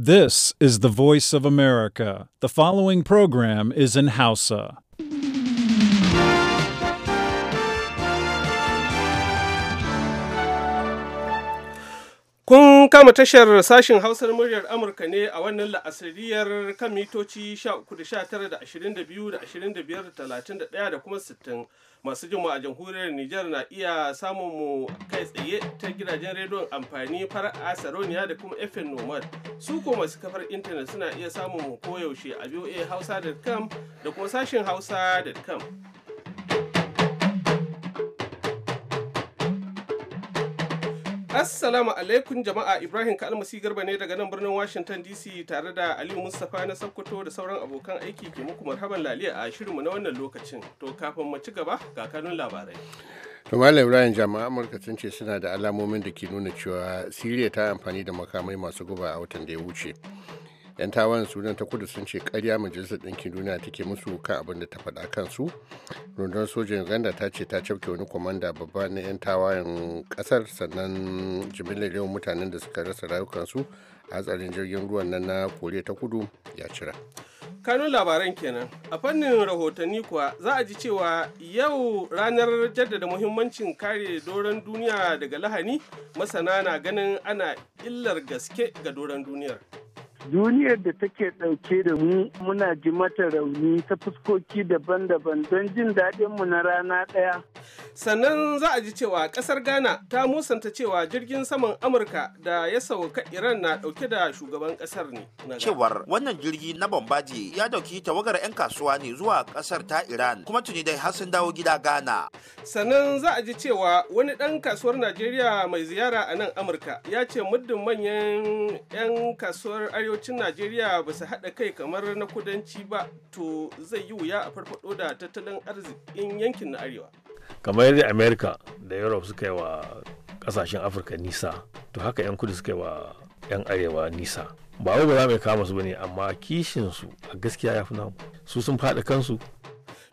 This is the voice of America. The following program is in Hausa. Kun kama tashar sashin Hausar muryar Amurka ne a wannan la'asariyar kan mitoci 13 da 19 da 22 da 25 da 31 da kuma 60. masu jin a jamhuriyar Nijar na iya samun mu kai tsaye ta gidajen rediyon amfani fara'a saroniya da kuma FM Nomad. Su ko masu kafar intanet suna iya samun mu koyaushe a voahausa.com da kuma sashen hausa.com. Assalamu alaikum jama'a Ibrahim Kalmasi Garba ne daga nan birnin Washington DC tare da Aliyu Mustapha na Sokoto da sauran abokan aiki ke muku marhaban laliya a shirinmu na wannan lokacin. To kafin mu ci gaba ga kanun labarai. To Malam Ibrahim jama'a Amurka sun ce suna da alamomin da ke nuna cewa syria ta amfani da makamai masu guba a watan da ya wuce. 'yan tawan sudan ta kudu sun ce karya majalisar ɗinkin duniya take musu kan abin da ta faɗa kansu rundunar sojan uganda ta ce ta cafke wani kwamanda babba na 'yan tawayen ƙasar sannan jimillar yawan mutanen da suka rasa rayukansu a hatsarin jirgin ruwan nan na koriya ta kudu ya cira kano labaran kenan a fannin rahotanni kuwa za a ji cewa yau ranar jaddada muhimmancin kare doron duniya daga lahani masana na ganin ana illar gaske ga doron duniyar duniyar da take ɗauke da mu muna ji mata rauni ta fuskoki daban-daban don jin daɗinmu na rana ɗaya. Sannan za a ji cewa ƙasar Ghana ta musanta cewa jirgin saman Amurka da ya sauka Iran na ɗauke da shugaban ƙasar ne. Cewar wannan jirgi na Bombaji ya ɗauki tawagar 'yan kasuwa ne zuwa ƙasar ta Iran kuma tuni dai har sun dawo gida Ghana. Sannan za a ji cewa wani ɗan kasuwar Najeriya mai ziyara a nan Amurka ya ce muddin manyan 'yan kasuwar arewacin najeriya ba su haɗa kai kamar na kudanci ba to zai yi wuya a farfado da tattalin arzikin yankin na arewa kamar yadda Amerika da europe suka yi wa kasashen afirka nisa to haka 'yan kudu suka yi wa 'yan arewa nisa ba wai ba za mu kama su bane amma kishin su a gaskiya ya fi namu su sun faɗi kansu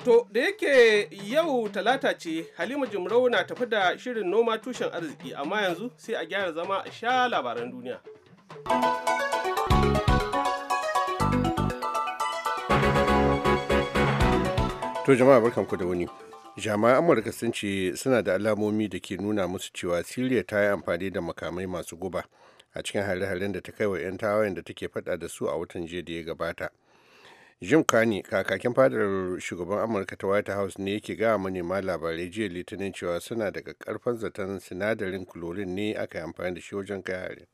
to da yake yau talata ce halima jimrau na tafi da shirin noma tushen arziki amma yanzu sai a gyara zama a sha labaran duniya To jama'a barkanku da wuni. Jami'an Amurka sun ce suna da alamomi da ke nuna musu cewa Siriya ta yi amfani da makamai masu guba a cikin hare-haren da ta kai wa 'yan tawayen da take faɗa da su a watan jiya da ya gabata. Jim kani kakakin fadar shugaban Amurka ta White House ne yake gawa manema labarai jiya Litinin cewa suna daga karfan zaton sinadarin chlorine ne aka yi amfani da shi wajen kai hare.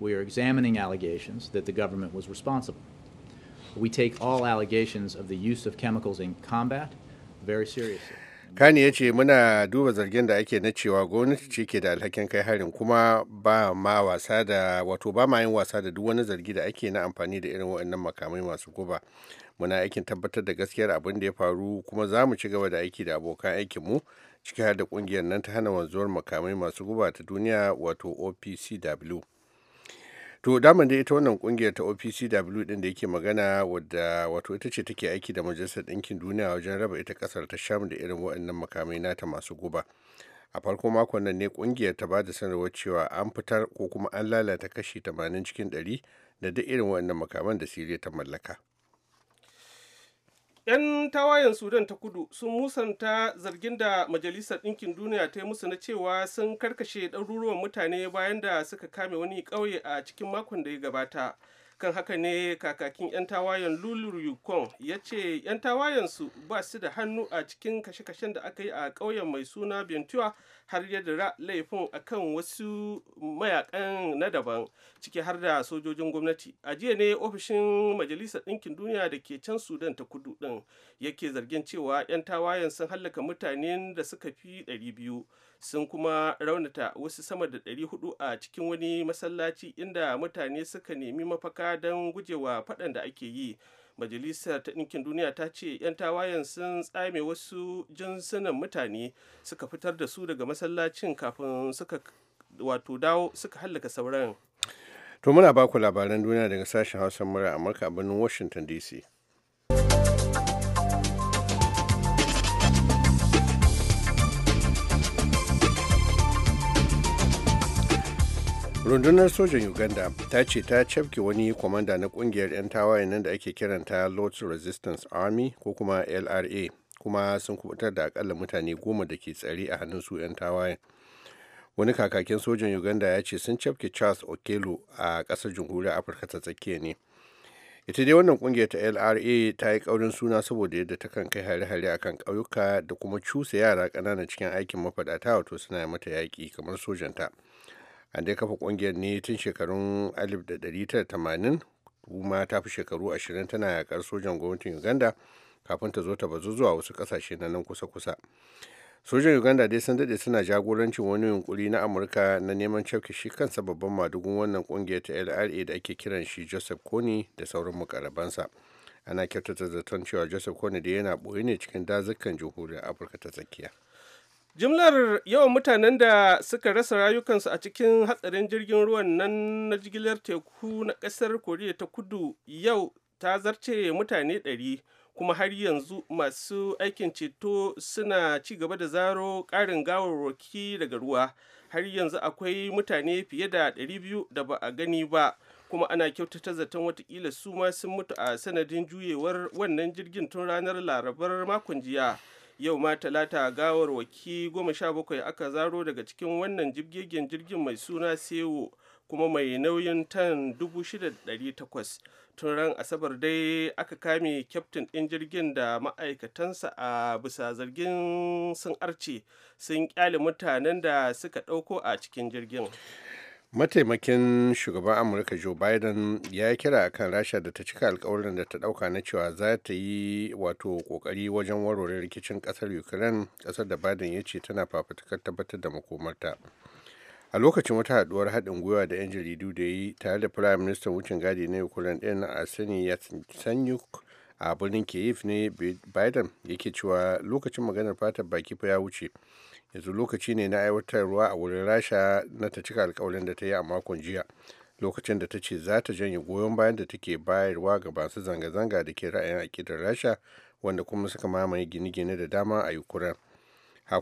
We are examining allegations that the government was responsible. We take all allegations of the use of chemicals in combat very seriously. Kani ya ce muna duba zargin da ake na cewa gwamnati ce ke da alhakin kai harin kuma ba ma wasa da wato ba ma yin wasa da duk wani zargi da ake na amfani da irin waɗannan makamai masu guba. Muna aikin tabbatar da gaskiyar abin da ya faru kuma za mu ci gaba da aiki da abokan aikinmu ciki har da ƙungiyar nan ta hana wanzuwar makamai masu guba ta duniya wato OPCW. to daman da ita wannan kungiyar ta opcw din da yake magana wadda wato ita ce take aiki da majalisar ɗinkin duniya wajen raba ita kasar ta sham da irin waɗannan makamai nata masu guba a farko makon nan ne kungiyar ta ba da sanarwar cewa an fitar ko kuma an lalata kashi 80 cikin 100 da duk irin waɗannan makaman da siriya ta mallaka 'Yan tawayen Sudan ta kudu sun musanta zargin da Majalisar Ɗinkin Duniya ta yi musu na cewa sun karkashe ɗaruruwan mutane bayan da suka kame wani ƙauye a cikin makon da ya gabata. kan haka ne kakakin 'yan tawayen lulur yukon ya ce 'yan tawayensu ba su da hannu a cikin kashe-kashen da aka yi a ƙauyen mai suna bentua har yadda ra laifin akan wasu mayakan na daban ciki har da sojojin gwamnati a jiya ne ofishin majalisar ɗinkin duniya da ke can sudan ta kudu ɗin yake zargin cewa 'yan tawayen sun hallaka mutanen da suka fi 200 sun kuma raunata wasu sama da 400 a cikin wani masallaci inda mutane suka nemi mafaka don gujewa faɗan da ake yi majalisar ta ɗinkin duniya ta ce 'yan tawayen sun tsame wasu jinsunan mutane suka fitar da su daga masallacin kafin suka wato dawo suka hallaka sauran to muna baku labaran duniya daga sashen hausa mura amurka a birnin washington dc rundunar sojan uganda ta ce ta cafke wani kwamanda na kungiyar 'yan tawaye nan da ake kiranta lord resistance army ko kuma lra kuma sun kubutar da akalla mutane goma da ke tsari a hannun su 'yan tawayen wani kakakin sojan uganda ya ce sun cafke charles okelo a kasar jamhuriyar afirka ta tsakiya ne ita dai wannan kungiyar ta lra ta yi kaurin suna saboda yadda ta kan kai hare-hare a kan ƙauyuka da kuma cusa yara ƙanana cikin aikin mafaɗata wato suna mata yaƙi kamar sojanta. ta an dai kafa kungiyar ne tun shekarun 1980 kuma ta fi shekaru 20 tana yakar sojan gwamnatin uganda kafin ta zo ta bazu zuwa wasu kasashe na nan kusa-kusa sojan uganda dai sun daɗe suna jagorancin wani yunkuri na amurka na neman cafke shi kansa babban madugun wannan kungiyar ta lra da ake kiran shi joseph kony da sauran mukarabansa ana kyautata zaton cewa joseph kony da yana ɓoye ne cikin dazukan jamhuriyar afirka ta tsakiya jimlar yawan mutanen da suka rasa rayukansu a cikin hatsarin jirgin ruwan nan na jigilar teku na kasar koriya ta kudu yau ta zarce mutane 100 kuma har yanzu masu aikin ceto suna ci gaba da zaro karin gawarwaki daga ruwa har yanzu akwai mutane fiye da 200 da ba a gani ba kuma ana kyautata zaton watakila su ma sun mutu a sanadin juyewar wannan jirgin tun ranar larabar makon jiya yau ma talata gawar waki goma sha aka zaro daga cikin wannan jibgegen jirgin mai suna sewo kuma mai nauyin tan 6,800 tun ran asabar dai aka kame kyaftin ɗin jirgin da ma'aikatansa a bisa zargin sun arce sun kyale mutanen da suka ɗauko a cikin jirgin mataimakin shugaban amurka joe biden ya kira kan rasha da ta cika alkawarin da ta dauka na cewa za ta yi wato kokari wajen warware rikicin kasar ukraine kasar da biden ya ce tana fafutukar tabbatar da makomarta a lokacin wata haduwar haɗin gwiwa da 'yan jaridu da yi tare da prime minister wucin gadi na ukraine ɗin ya yatsenyuk a birnin kiev ne biden yake cewa lokacin maganar fatar baki fa ya wuce yanzu lokaci ne na aiwatarwa a wurin rasha na ta cika alkawalin da ta yi a makon jiya lokacin da ta ce za ta janye goyon bayan da take bayarwa ga masu zanga-zanga da ke ra'ayin akidar rasha wanda kuma suka mamaye gine-gine da dama a ukraine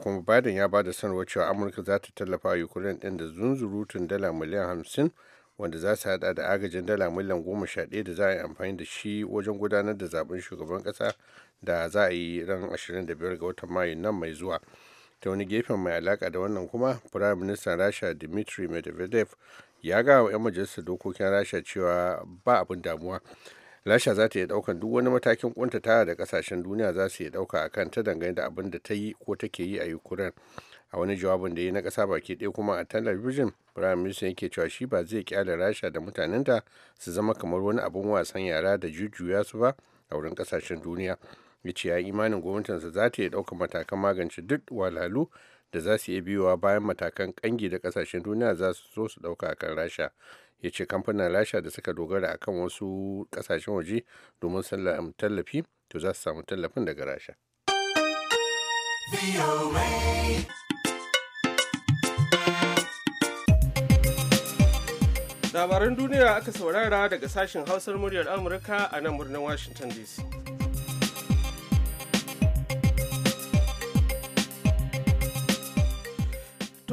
kuma biden ya ba da sanarwar cewa amurka za ta tallafa a ukraine ɗin da zunzurutun dala miliyan hamsin wanda za su hada da agajin dala miliyan goma sha ɗaya da za a yi amfani da shi wajen gudanar da zaben shugaban ƙasa da za a yi ran 25 ga watan mayu nan mai zuwa ta wani gefen mai alaka da wannan kuma prime minister rasha dimitri medvedev ya gawa 'yan majalisar dokokin rasha cewa ba abin damuwa rasha za ta iya daukan duk wani matakin kuntatawa da kasashen duniya za su iya dauka a kan ta dangane da abin da ta yi ko take yi a ukraine a wani jawabin da ya na kasa baki ɗaya kuma a talabijin prime minister yake cewa shi ba zai kyale rasha da mutanenta su zama kamar wani abin wasan yara da jujjuya su ba a wurin kasashen duniya ya ce ya imanin gwamnatinsa za ta iya ɗaukar matakan magance duk walhalu da za su iya biyowa bayan matakan kangi da kasashen duniya za su so su ɗauka a kan rasha ya ce kamfanin rasha da suka dogara a kan wasu ƙasashen waje domin tallafi to za su samu tallafin daga rasha labaran duniya aka saurara daga sashen hausar muryar amurka a nan birnin washington dc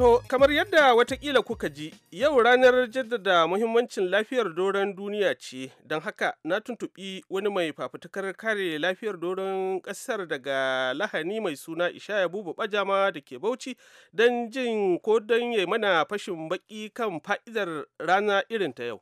To, kamar yadda watakila kuka ji, yau ranar jaddada muhimmancin lafiyar doron duniya ce, don haka na tuntuɓi wani mai fafutukar kare lafiyar doron ƙasar daga lahani mai suna Ishaya Bubu Bajama da ke Bauchi don jin ko don ya mana fashin baƙi kan fa'idar rana irin ta yau.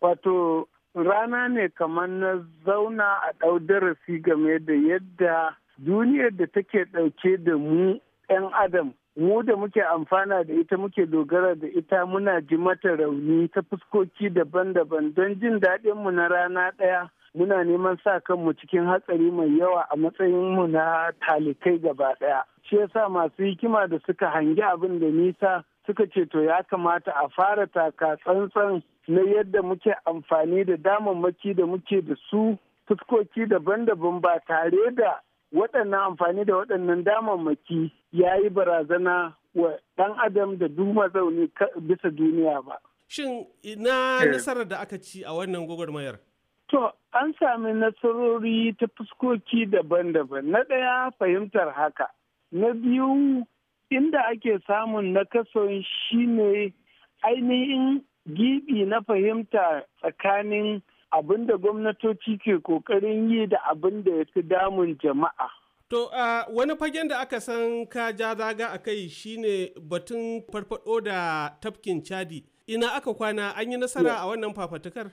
Wato, rana ne kamar na zauna a ɗau darasi game da yadda duniyar da take ɗauke da mu 'yan adam mu da muke amfana da ita muke dogara da ita muna ji mata rauni ta fuskoki daban-daban don jin daɗinmu na rana ɗaya muna neman sa kanmu cikin hatsari mai yawa a matsayinmu na talikai gaba ɗaya shi yasa masu hikima da suka hangi abin da nisa suka ce to ya kamata a fara taka tsantsan na yadda muke amfani da damammaki da muke da su fuskoki daban-daban ba tare da waɗannan amfani da waɗannan damammaki ya yi barazana wa ɗan adam da duk mazauni bisa duniya ba. Shin ina eh. nasarar da aka ci a wannan gwagwarmayar? To, an sami nasarori ta fuskoki daban-daban. Na ɗaya fahimtar haka. Na biyu inda ake samun shi ne ainihin gibi na fahimta tsakanin abin da gwamnatoci ke ƙoƙarin yi da abin da ya fi damun jama'a. To a uh, wani fagen da aka san ka ja zaga a kai shine batun farfado da tafkin Chadi. Ina aka kwana an yi nasara a wannan fafatukar?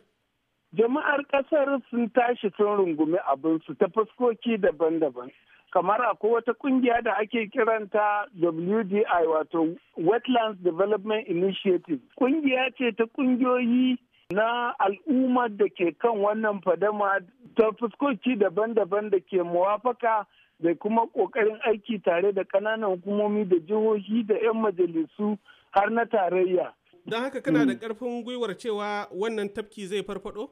Jama'ar kasar sun tashi sun rungumi abinsu ta fuskoki daban-daban. Kamar a wata kungiya da ake kiranta WDI wato Wetlands Development Initiative. Kungiya ce ta kungiyoyi na al'ummar da ke kan wannan fadama ta fuskoki daban-daban da ke muwafaka da kuma kokarin aiki tare da kananan hukumomi da jihohi da 'yan majalisu har na tarayya. Don haka kana da hmm. ƙarfin gwiwar cewa wannan tafki zai farfado?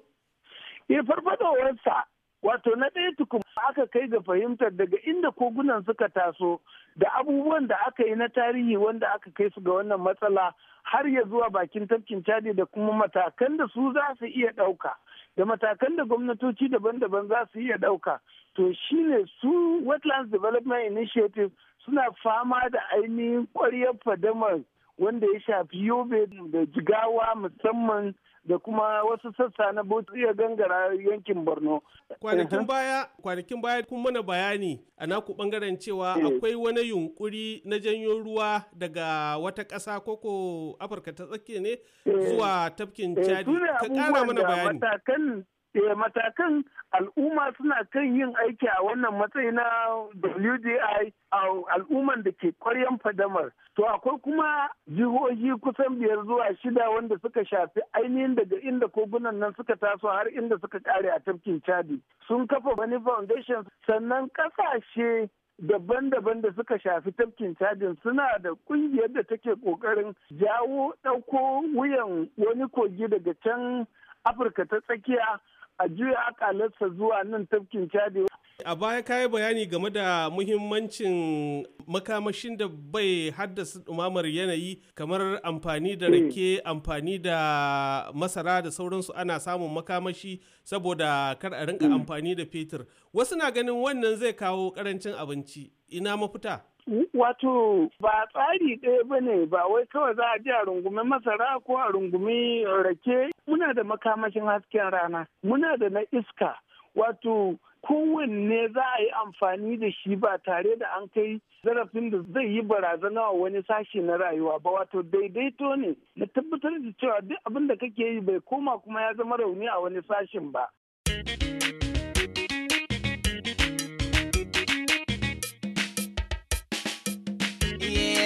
Ya eh, farfadowarsa wato na ɗaya tukun aka kai ga fahimtar daga inda kogunan suka taso da abubuwan da aka yi na tarihi wanda aka kai su ga wannan matsala har ya zuwa bakin tafkin cadi da kuma matakan da su za su iya ɗauka. da matakan da gwamnatoci daban-daban za su iya ɗauka to shine su wetlands development initiative suna fama da ainihin ƙwaryar fadamar wanda ya shafi yobe da jigawa musamman da kuma wasu sassa na bauchi ya gangara yankin borno kwanakin baya kwanakin baya kun mana bayani a naku bangaren cewa akwai wani yunkuri na janyo ruwa daga wata ƙasa koko afirka ta tsakiya ne zuwa tafkin chadi ka kara mana bayani eh matakan al'umma suna kan yin aiki a wannan matsayi na WDI a al'umman da ke kwaryan fadamar. To akwai kuma jihohi kusan biyar zuwa shida wanda suka shafi ainihin daga inda kogunan nan suka taso har inda suka kare a tafkin Chadi. Sun kafa wani foundation sannan kasashe daban-daban da suka shafi tafkin cajin suna da kungiyar da take kokarin jawo ɗauko wuyan wani kogi daga can afirka ta tsakiya a juya akalarsa zuwa nan tafkin cadi. a baya ka yi bayani game da muhimmancin makamashin da bai haddasa ɗumamar yanayi kamar amfani da rake hmm. amfani da masara da sauransu ana samun makamashi saboda kar a rinka hmm. amfani da fetur wasu na ganin wannan zai kawo karancin abinci ina mafita Wato ba tsari ɗaya ba ne ba wai kawai za a je a rungumi masara ko a rungumi rake. Muna da makamashin hasken rana, muna da na iska. Wato kowanne za a yi amfani da shi ba tare da an kai zarafin da zai yi barazana wa wani sashi na rayuwa ba wato daidaito ne na tabbatar da cewa duk abin da kake yi bai koma kuma ya zama rauni a wani sashin ba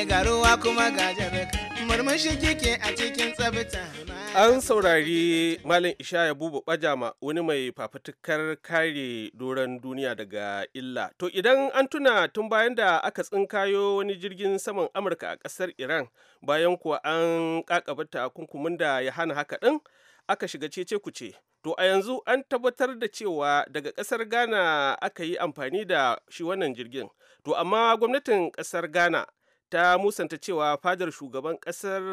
garuwa kuma ga jarka murmushi kike a cikin an saurari malam ishaya bubu bajama wani mai fafutukar kare doron duniya daga illa to idan an tuna tun bayan da aka tsinkayo wani jirgin saman amurka a kasar iran bayan kuwa an kakabata kunkumin da ya hana haka din aka shiga cece kuce to a yanzu an tabbatar da cewa daga kasar ghana aka yi amfani da shi wannan jirgin to amma gwamnatin kasar ghana ta musanta cewa fadar shugaban kasar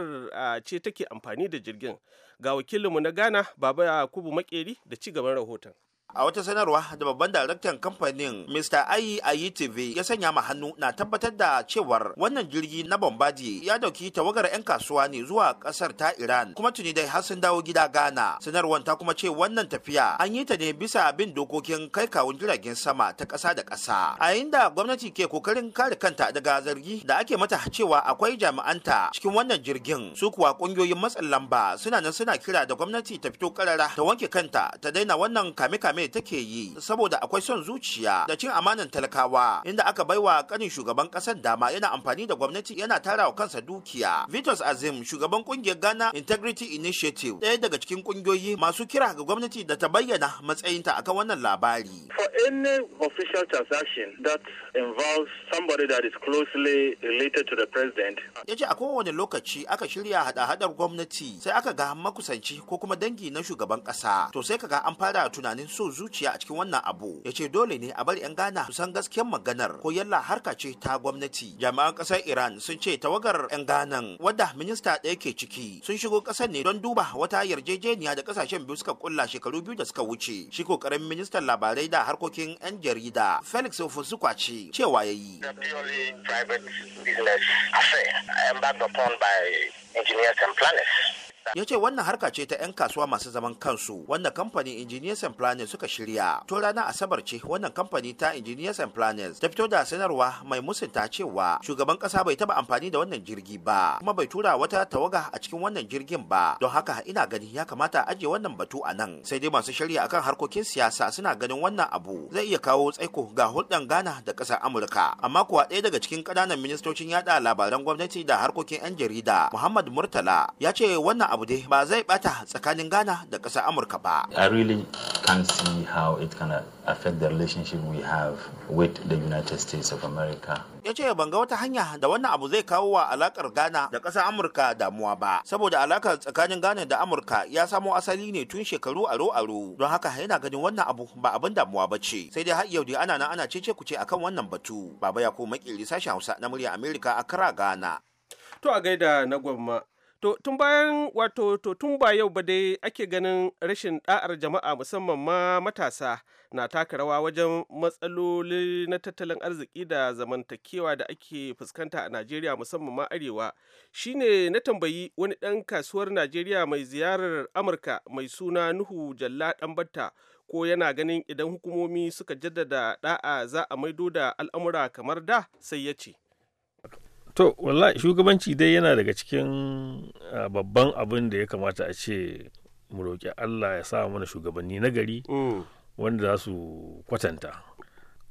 ce take amfani da jirgin ga wakilinmu na ghana baba kubu makeri da ci gaban rahoton a wata sanarwa da babban daraktan kamfanin mr ayi tv ya sanya ma hannu na tabbatar da cewar wannan jirgi na bombardier ya dauki tawagar 'yan kasuwa ne zuwa kasar ta iran kuma tuni dai har sun dawo gida ghana sanarwar ta kuma ce wannan tafiya an yi ta ne bisa bin dokokin kai kawun jiragen sama ta kasa da kasa a inda gwamnati ke kokarin kare kanta daga zargi da ake mata cewa akwai jami'anta cikin wannan jirgin su kuwa kungiyoyin matsin lamba suna nan suna kira da gwamnati ta fito karara ta wanke kanta ta daina wannan kame-kame mai take yi saboda akwai son zuciya da cin amanan talakawa inda aka baiwa kanin shugaban kasar dama yana amfani da gwamnati yana tara wa kansa dukiya. Vitus Azim shugaban kungiyar Ghana Integrity Initiative ɗaya daga cikin kungiyoyi masu kira ga gwamnati da ta bayyana matsayinta akan wannan labari. For any official transaction that involves somebody that is closely related to the president. Ya ce a kowane lokaci aka shirya hada-hadar gwamnati sai aka ga makusanci ko kuma dangi na shugaban ƙasa to sai kaga an fara tunanin so zuciya a cikin wannan abu ya ce dole ne a bar 'yan ghana su san gaskiyar maganar ko yalla harka ce ta gwamnati jami'an ƙasar iran sun ce tawagar 'yan ghana wadda minista ɗaya ke ciki sun shigo ƙasar ne don duba wata yarjejeniya da ƙasashen biyu suka kulla shekaru biyu da suka wuce shi ƙoƙarin ministan labarai da harkokin 'yan jarida felix ofusukwa ce cewa ya yi engineers and planners. ya ce wannan harka ce ta 'yan kasuwa masu zaman kansu Wannan kamfanin engineers and planners suka shirya to ranar asabar ce wannan kamfani ta engineers and planners ta fito da sanarwa mai musunta cewa shugaban kasa bai taba amfani da wannan jirgi ba kuma bai tura wata tawaga a cikin wannan jirgin ba don haka ina gani ya kamata a ajiye wannan batu a nan sai dai masu shirya akan harkokin siyasa suna ganin wannan abu zai iya kawo tsaiko ga hulɗan ghana da ƙasar amurka amma kuwa ɗaya daga cikin ƙananan ministocin yaɗa labaran gwamnati da harkokin 'yan jarida muhammad murtala ya ce wannan abu dai ba zai bata tsakanin Ghana da ƙasar Amurka ba. I really can see how it can affect the relationship we have with the United States of America. Ya ce ban ga wata hanya da wannan abu zai kawo wa alakar Ghana da ƙasar Amurka damuwa ba, saboda alakar tsakanin Ghana da Amurka ya samo asali ne tun shekaru aro-aro. Don haka yana ganin wannan abu ba abin damuwa ba ce. Sai dai har yau dai ana nan ana cece ce akan wannan batu. Baba ya ko makili sashen Hausa na murya Amerika a kara Ghana. To a gaida na gwamma To tun bayan wato to tun ba yau ba dai ake ganin rashin da'ar jama'a musamman ma matasa na taka rawa wajen matsaloli na tattalin arziki da zamantakewa da ake fuskanta a Najeriya musamman ma arewa. Shine na tambayi wani ɗan kasuwar Najeriya mai ziyarar Amurka mai suna Nuhu Jalla Ɗanbatta ko yana ganin idan hukumomi suka jaddada da'a za a maido da al'amura kamar da sai ya ce. to wallahi shugabanci dai yana daga cikin ah, babban abin da ya kamata a ce mu roƙi allah ya sa mana shugabanni na gari mm. wanda za su kwatanta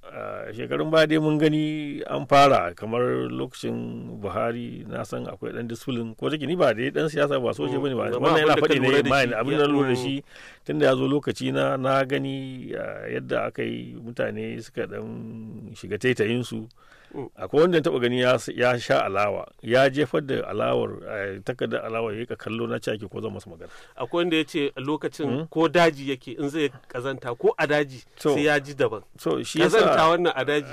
ah, shekarun baya dai mun gani an fara kamar lokacin buhari na san akwai dan disulin ko ciki ni ba dai dan siyasa ba ba mm. bane ba wannan yana faɗi ne mai abin da lura mm. shi tunda ya zo lokaci na na gani ah, yadda aka mutane suka ɗan shiga taitayin su akwai wanda ya taba gani ya sha alawa ya jefar da alawar eh, takardar alawa ya kallo na caki ko zan masa magana akwai wanda ya ce lokacin hmm? ko daji yake in zai kazanta ko a daji sai ya ji daban so shi kazanta wannan a daji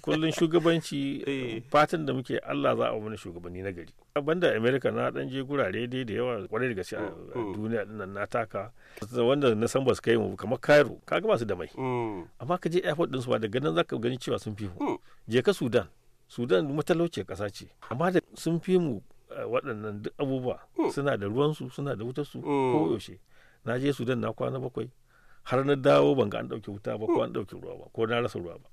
kullun shugabanci eh. fatan da muke Allah za a mana shugabanni na gari da America na dan je gurare dai da yawa kwarai da gaske a hmm, hmm. duniya dinnan na taka wanda na san basu kai mu kamar Cairo kaga ba su da mai amma ka je airport din su ba daga nan zaka gani cewa sun fi mu je ka sudan sudan matalauci ƙasa ce amma da sun fi mu eh, waɗannan duk abubuwa hmm. suna da ruwansu suna da wutarsu hmm. ko yaushe na je sudan na kwana bakwai har na dawo ban ga an ɗauki wuta ba ko hmm. an ɗauki ruwa ba ko na rasa ruwa ba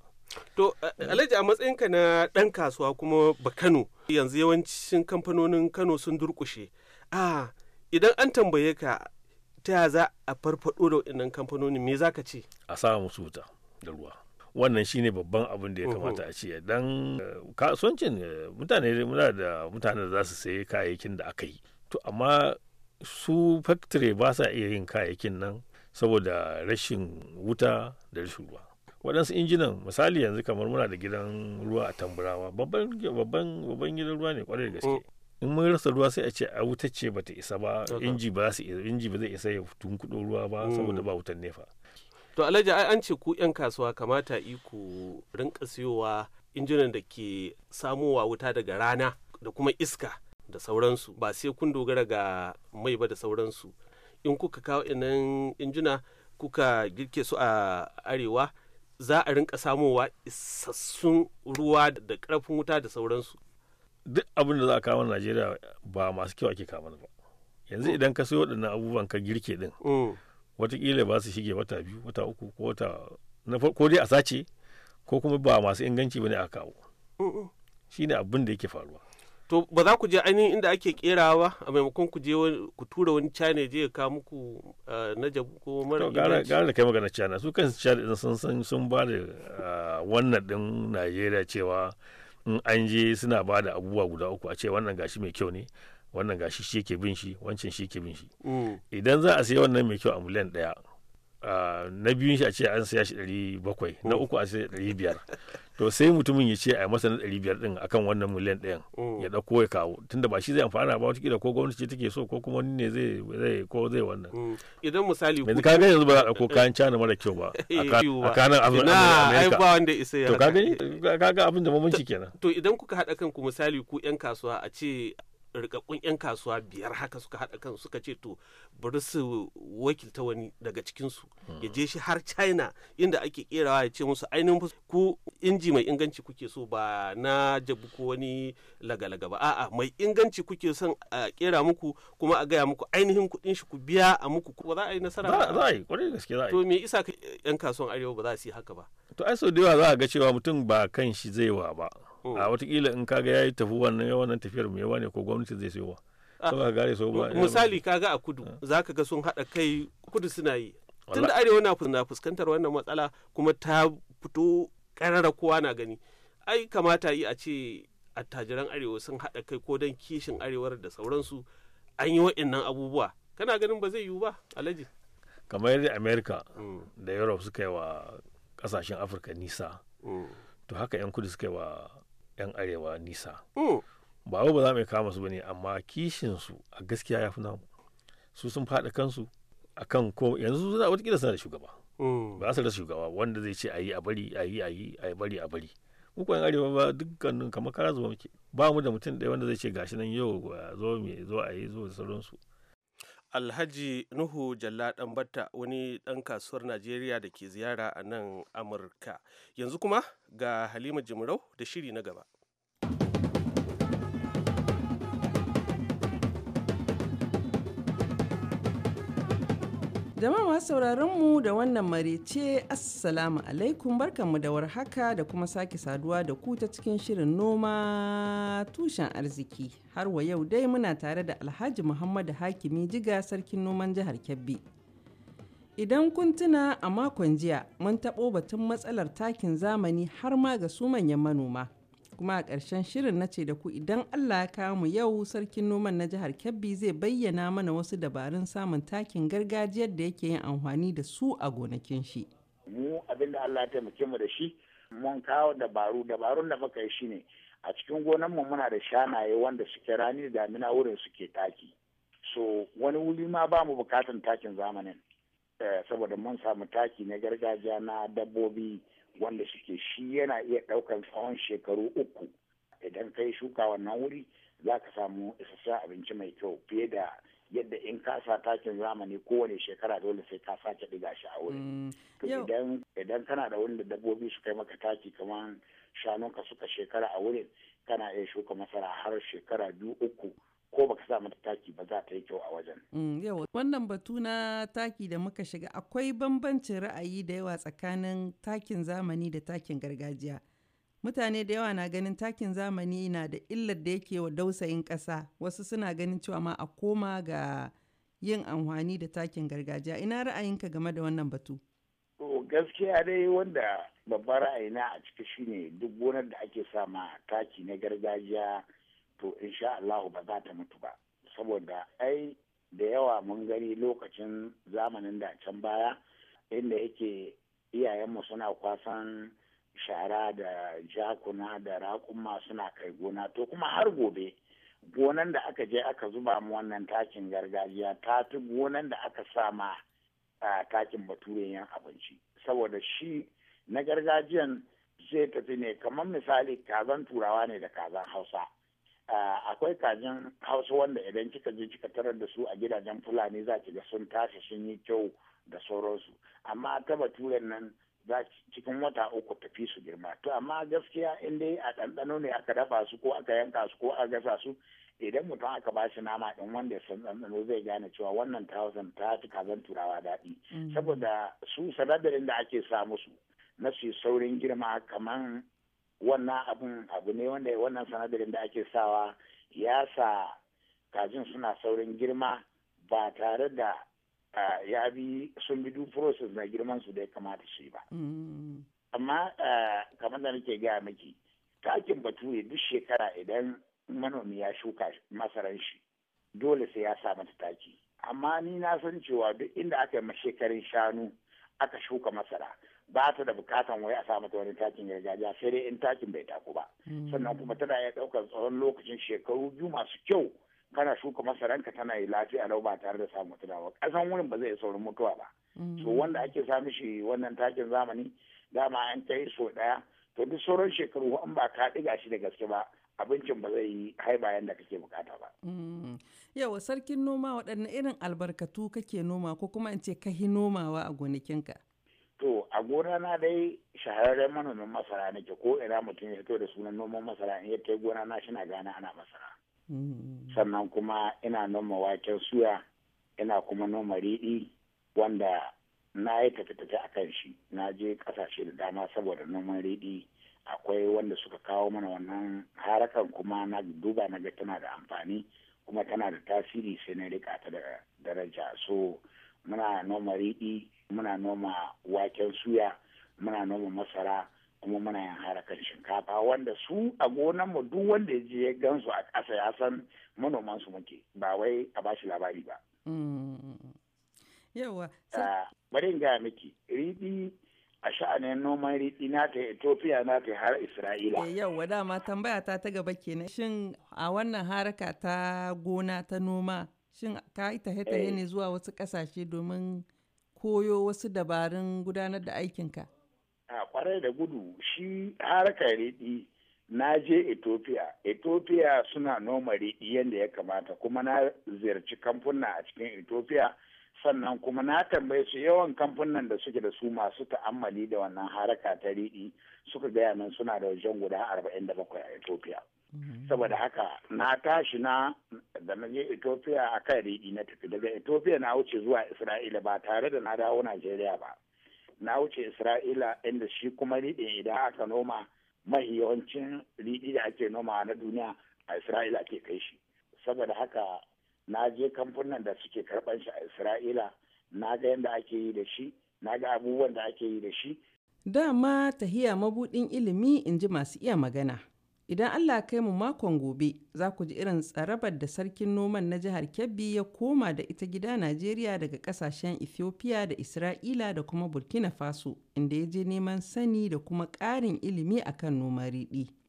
To eh, Alhaji a matsayinka na ɗan kasuwa kuma ba Kano yanzu yawancin kamfanonin Kano sun durƙushe. a idan an tambaye ka ta za a farfaɗo da waɗannan kamfanonin me za ka ce? A sa musu wuta da ruwa. wannan shine babban abin da ya kamata a ce dan eh, kasuwancin eh, mutane muna da mutane da za su sayi kayayyakin da aka yi to amma su factory ba sa iya yin kayayyakin nan saboda rashin wuta da rashin ruwa waɗansu injinan misali yanzu kamar muna da gidan ruwa a tamburawa babban gidan ruwa ne kwarai da gaske in mun rasa ruwa sai a ce a wuta ce bata isa ba tota. inji ba inji ba zai isa ya tunkuɗo ruwa ba mm. saboda ba wutan nefa to alhaji an ce ku 'yan kasuwa kamata iku rinka siyowa injinan da ke samowa wuta daga rana da kuma iska da sauransu ba sai kun dogara ga mai ba da sauransu in kuka kawo inan injina kuka girke su a arewa za a rinka samowa isassun ruwa da karfin wuta da sauransu duk abin da za a kawo najeriya ba masu kyau ake kawo ba yanzu oh. idan ka sayo waɗannan abubuwan ka girke din mm. watakila ba su shige wata biyu wata uku ko wata na farko dai a sace ko kuma ba masu inganci bane a kawo shine abin da yake faruwa to ba za ku je ainihin inda ake kerawa a maimakon ku je ku tura wani china je ya kawo muku eh, na jabu ko mara gara da kai magana china su kan china sun san sun ba da eh, wannan din nigeria cewa in an je suna ba da abubuwa guda uku a ce wannan gashi mai kyau ne wannan gashi shi ke bin shi wancan shi ke bin shi mm. idan za a sayi wannan mai kyau a miliyan ɗaya na biyun shi a ce an saya shi ɗari bakwai na mm. uku a saya ɗari biyar to sai mutumin ya ce a masa na ɗari biyar ɗin akan wannan miliyan ɗayan ya mm. ɗauko ya kawo tunda ba shi zai amfana ba wata ko gwamnati ce take so ko kuma wani ne zai zai ko zai wannan idan misali yanzu ka gani yanzu ba za a ɗauko kayan cana mara kyau ba eh, a kanan amurka ba wanda isa ya to ka gani ka ga abin da mamanci kenan to idan kuka haɗa kanku misali ku 'yan kasuwa a ce rikakkun 'yan kasuwa biyar haka suka haɗa kan suka ce to bari su wakilta wani daga cikinsu ya je shi har china inda ake kerawa ya ce musu ainihin ku inji mai inganci kuke so ba na jabu ko wani lagalaga ba a'a mai inganci kuke son a kera muku kuma a gaya muku ainihin kuɗin shi ku biya a muku ba za a yi nasara ba za a yi kwarai gaske za a yi to me isa ka 'yan kasuwan arewa ba za su yi haka ba to ai sau da yawa za a ga cewa mutum ba kan shi zai wa ba Hmm. a watakila in kaga ya yi tafi wannan yawan tafiyar mai yawa ne ko gwamnati zai sayo ah, saboda gare so ba misali kaga a kudu hmm. zaka ga sun hada kai kudu suna yi tun da arewa na fuskantar wannan matsala kuma ta fito karara kowa na gani ai kamata yi a ce attajiran arewa sun hada kai ko dan kishin arewar da sauransu an yi wa'annan abubuwa kana ganin ba zai yiwu ba alhaji kamar yadda america hmm. da europe suka yi wa kasashen afirka nisa to haka 'yan kudu suka yi wa 'yan arewa nisa oh. ba ba za mu kama su ne amma kishin su a gaskiya ya fi namu su sun faɗi kansu a kan ko yanzu za wata kila suna da shugaba oh. ba su rasa shugaba wanda zai ce ayi a bari ayi ayi a bari a bari mu yan arewa ba dukkanin kamar kara zuwa ba mu da mutum ɗaya wanda zai ce gashi nan yau zo mai zo ayi zo da sauransu alhaji nuhu jalla batta wani ɗan kasuwar najeriya da ke ziyara a nan amurka yanzu kuma ga halima jimrau da shiri na gaba jama masu sauraron mu da wannan marece Assalamu alaikum barkanmu da warhaka da kuma sake saduwa da ku ta cikin shirin noma tushen arziki. Har wa yau dai muna tare da Alhaji Muhammadu Hakimi Jiga sarkin noman jihar Kebbi. Idan kun tuna a makon jiya mun taɓo batun matsalar takin zamani har ma ga su manyan manoma. kuma a ƙarshen shirin na ce da ku idan Allah ya kawo mu yau sarkin noman na jihar Kebbi zai bayyana mana wasu dabarun samun takin gargajiyar da yake yin amfani da su a gonakin shi. Mu abin da Allah ya taimake mu da shi mun kawo dabaru dabarun da muka yi shine a cikin gonan mu muna da shanaye wanda suke rani da damina wurin suke taki. So wani wuri ma ba mu bukatan takin zamanin. Eh, saboda mun samu taki na gargajiya na dabbobi wanda suke shi yana iya ɗaukan tsawon shekaru uku idan ka yi shuka wannan wuri za ka samu isasshen abinci mai kyau fiye da yadda in kasa takin zamani kowane shekara dole sai ka sake ɗiga shi a wuri. Mm, idan kana da wanda dabbobi suka kai maka taki kamar shanunka suka shekara a wurin kana iya shuka masara har shekara biyu uku ko baka sa mata taki ba za ta yi kyau a wajen. Mm, yawa wannan batu na taki da muka shiga akwai bambancin ra'ayi da yawa tsakanin takin zamani da takin gargajiya. Mutane da yawa na ganin takin zamani na da illar da yake wa dausayin ƙasa wasu suna ganin cewa ma a koma ga yin amfani da takin gargajiya ina ra'ayinka game da wannan batu. gaskiya dai wanda babban ra'ayina a ciki shine duk gonar da ake sama taki na gargajiya to insha Allah ba za ta mutu ba saboda ai da yawa mun gani lokacin zamanin da can baya inda yake iyayenmu suna kwasan shara da jakuna da raƙuma suna kai gona to kuma har gobe gonan da aka je aka zuba mu wannan takin gargajiya ta fi gonan da aka sa ma takin bature yan abinci saboda shi na gargajiyan zai tafi ne kamar misali kazan turawa ne da kazan hausa akwai kajin hausa wanda idan kika je kika tarar da su a gidajen fulani za ki ga sun tashi sun yi kyau da sauransu amma ta baturen nan za cikin wata uku tafi su girma to amma gaskiya in dai a ɗanɗano ne aka dafa su ko aka yanka su ko aka gasa su idan mutum aka ba shi nama ɗin wanda ya san ɗanɗano zai gane cewa wannan ta tawazan ta fi kazan turawa daɗi mm. saboda su sanadarin da ake sa musu na su saurin girma kamar wannan abun abu ne wanda wannan sanadarin da ake sawa ya sa kajin suna saurin girma ba tare da ya bi sun bi duk process na girman su da ya kamata su yi ba mm. amma kamar da nake gaya miki takin bature duk shekara idan manomi ya shuka masaran shi dole sai ya sa mata taki amma ni na san cewa duk inda aka yi shekarun shanu aka shuka masara ba ta da bukatan wai a sa mata wani takin gargajiya sai dai in takin bai taku ba hmm. sannan kuma tana ya ɗaukar tsawon lokacin shekaru biyu masu kyau kana shuka masaranka tana yi lafiya lau ba tare da samun tunawa kasan wurin ba zai saurin mutuwa ba hmm. so wanda ake sa shi wannan takin zamani dama an ta yi so ɗaya to duk sauran shekaru an ba ka diga shi da gaske ba abincin ba zai yi haiba yadda kake bukata ba. Hmm. Yawa sarkin noma waɗanne irin albarkatu kake noma ko kuma in ce ka yi nomawa a gonakinka? To a gona na dai shahararren manomin masara nake ko ina mutum ya fito da sunan noman masara in ya kai gona na shi na gane ana masara. Mm. Sannan kuma ina noma waken suya ina kuma noma riɗi wanda na yi tafi-tafi a kan shi na je ƙasashe da dama saboda noman riɗi akwai wanda suka kawo mana wannan harakan kuma na duba na ga tana da amfani kuma tana da tasiri sai na rika ta da daraja so muna noma riɗi muna noma waken suya muna noma masara kuma muna yin harakan shinkafa wanda su a gonan mu duk wanda ya je ya gansu a ƙasa ya san manoman su muke ba wai a bashi labari ba. Mm. Yawa. Ah, bari in gaya miki riɗi a sha'anin noman riɗi na ta Ethiopia na ta har Isra'ila. Eh, Yawa dama tambaya ta ta gaba kenan shin a wannan haraka ta gona ta noma shin ka yi ta eh. ne zuwa wasu ƙasashe domin koyo wasu dabarun gudanar da aikinka? A kwarai da gudu shi harka riɗi na je Ethiopia. Ethiopia suna noma riɗi yadda ya kamata kuma na ziyarci kamfuna a cikin Ethiopia sannan kuma na tambaye su yawan kamfunan da suke da su masu ta'ammali da wannan haraka ta riɗi suka gaya min suna da wajen guda arba'in da bakwai a Ethiopia. Mm-hmm. saboda haka na tashi na da na je ethiopia a kan riɗi na tafi daga ethiopia na wuce zuwa isra'ila ba tare da na dawo najeriya ba na wuce isra'ila inda shi kuma riɗin idan aka noma mahi yawancin riɗi da ake noma na duniya a isra'ila ake kai shi saboda haka na je kamfanin da suke karɓan shi a isra'ila na ga yadda ake yi da shi na ga abubuwan da ake yi da shi dama tahiya mabuɗin ilimi in ji masu iya magana Idan Allah ya kai mu makon gobe, za ku ji irin tsarabar da sarkin noman na jihar Kebbi ya koma da ita gida Najeriya daga kasashen Ethiopia da Isra'ila da kuma Burkina Faso, inda ya je neman sani da kuma ƙarin ilimi akan noman riɗi.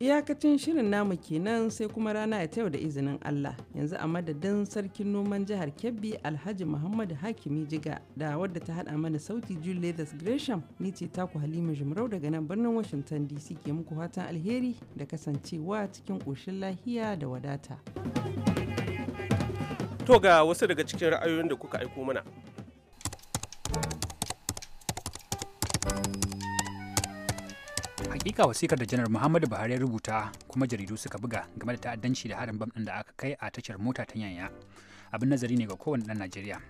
Iyakacin shirin namu kenan sai kuma rana ya yau da izinin Allah. Yanzu a madadin sarkin noman jihar Kebbi Alhaji Muhammadu Hakimi Jiga da wadda ta hada mana sauti Julius Gresham ni ce taku Halima Jumrau daga nan birnin Washington DC ke muku fatan alheri da kasancewa cikin ƙoshin lahiya da wadata. To ga wasu daga cikin ra'ayoyin da kuka aiko mana. Hakika wasikar da janar Muhammadu Buhari ya rubuta kuma jaridu suka buga game da ta'addanci da harin bam ɗin da aka kai a tashar mota ta yanya abin nazari ne ga kowane dan Najeriya.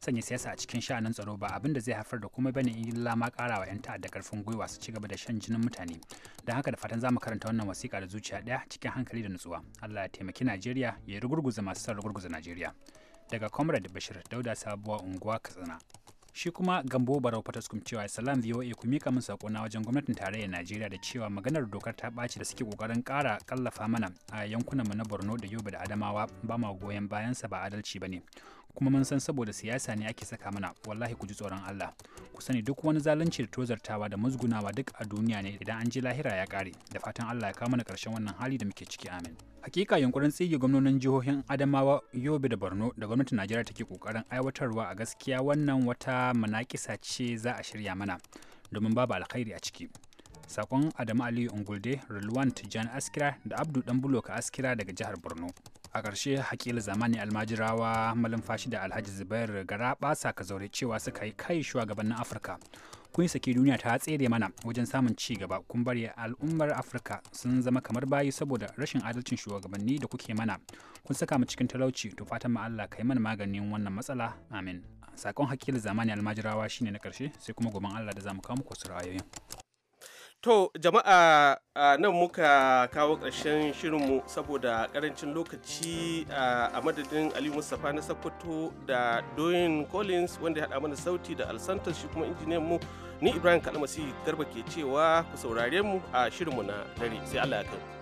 Sanya siyasa a cikin sha'anin tsaro ba abin da zai haifar da kuma bane illa ma kara wa 'yan ta'adda karfin gwiwa su ci gaba da shan jinin mutane. Don haka da fatan za mu karanta wannan wasiƙa da zuciya ɗaya cikin hankali da nutsuwa. Allah ya taimaki Najeriya ya rugurguza masu sa rugurguza Najeriya. Daga Comrade Bashir Dauda Sabuwa Unguwa Katsina. shi kuma gambo barau sukum cewa salam voa ku mika min sako na wajen gwamnatin tarayyar najeriya da cewa maganar dokar ta ɓaci da suke kokarin ƙara kallafa mana a yankunan mu na borno da yobe da adamawa ba ma goyon sa ba adalci ba ne kuma mun san saboda siyasa ne ake saka mana wallahi ku ji tsoron allah ku sani duk wani zalunci da tozartawa da musgunawa duk a duniya ne idan an ji lahira ya ƙare da fatan allah ya kawo mana ƙarshen wannan hali da muke ciki amin hakika yunkurin tsige gwamnonin jihohin adamawa yobe da borno da gwamnatin najeriya take kokarin aiwatarwa a gaskiya wannan wata manakisa ce za a shirya mana domin babu alkhairi a ciki sakon adamu aliyu ungulde rulwant jan askira da abdu dan buloka askira daga jihar borno a ƙarshe haƙil zamani almajirawa malumfashi da alhaji zubair gara sa ka zaure cewa suka yi kai shugabannin afirka kun saki duniya ta tsere mana wajen samun ci gaba kun bari al'ummar afirka sun zama kamar bayi saboda rashin adalcin shugabanni da kuke mana kun saka mu cikin talauci to fatan ma Allah kai mana maganin wannan matsala amin sakon hakil zamani almajirawa shine na karshe sai kuma goman Allah da zamu kawo muku wasu ra'ayoyin To jama'a nan muka kawo ƙarshen shirinmu saboda ƙarancin lokaci a madadin ali Mustapha na Sokoto da Doyin Collins wanda ya haɗa mana sauti da Alsantos shi kuma injiniyan mu ni Ibrahim Kalmasi Garba ke cewa ku saurare mu a shirinmu na dare sai Allah ya kai.